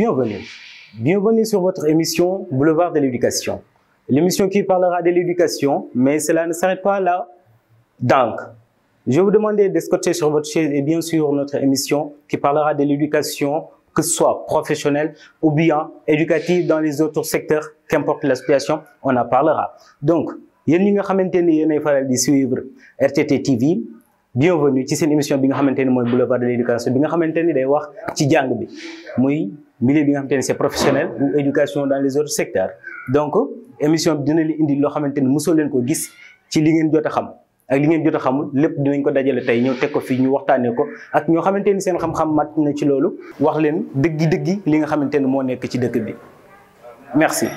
Bienvenue. Bienvenue sur votre émission Boulevard de l'éducation. L'émission qui parlera de l'éducation, mais cela ne s'arrête pas là. Donc, je vais vous demander de sur votre chaise et bien sûr notre émission qui parlera de l'éducation, que ce soit professionnelle ou bien éducative dans les autres secteurs, qu'importe la situation, on en parlera. Donc, yéen ñi nga xamante ni yéenay faral di suivre RTT bienvenue ci seen émission bi nga xamante ni mooy boulevard de l'éducation bi nga xamante ni day wax ci jàng bi muy milieu bi nga xamante ni c'est professionnel ou éducation dans les autres secteurs donc émission bi dina li indi loo xamante ni mosoo leen ko gis ci li ngeen jot a xam ak li ngeen jot a xamul lépp dinañ ko dajale tey ñëw teg ko fii ñu waxtaanee ko ak ñoo xamante ni seen xam-xam mat na ci loolu wax leen dëggi dëggi li nga xamante ni moo nekk ci dëkk bi merci